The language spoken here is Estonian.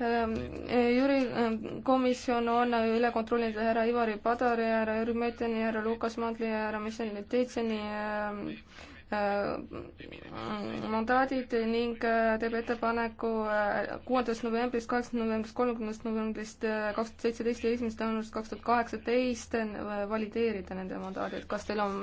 Ähm, eh, Jüri ähm, komisjon on äh, üle kontrollinud härra Ivari Padari, härra Jüri Meteni, härra Lukas Mandli ja härra Michel Teitseni ähm, äh, mandaadid ning äh, teeb ettepaneku kuuendast novembrist, kaheksandast novembrist, kolmekümnest novembrist kaks tuhat seitseteist ja esimesest jaanuarist kaks tuhat kaheksateist valideerida nende mandaadid. kas teil on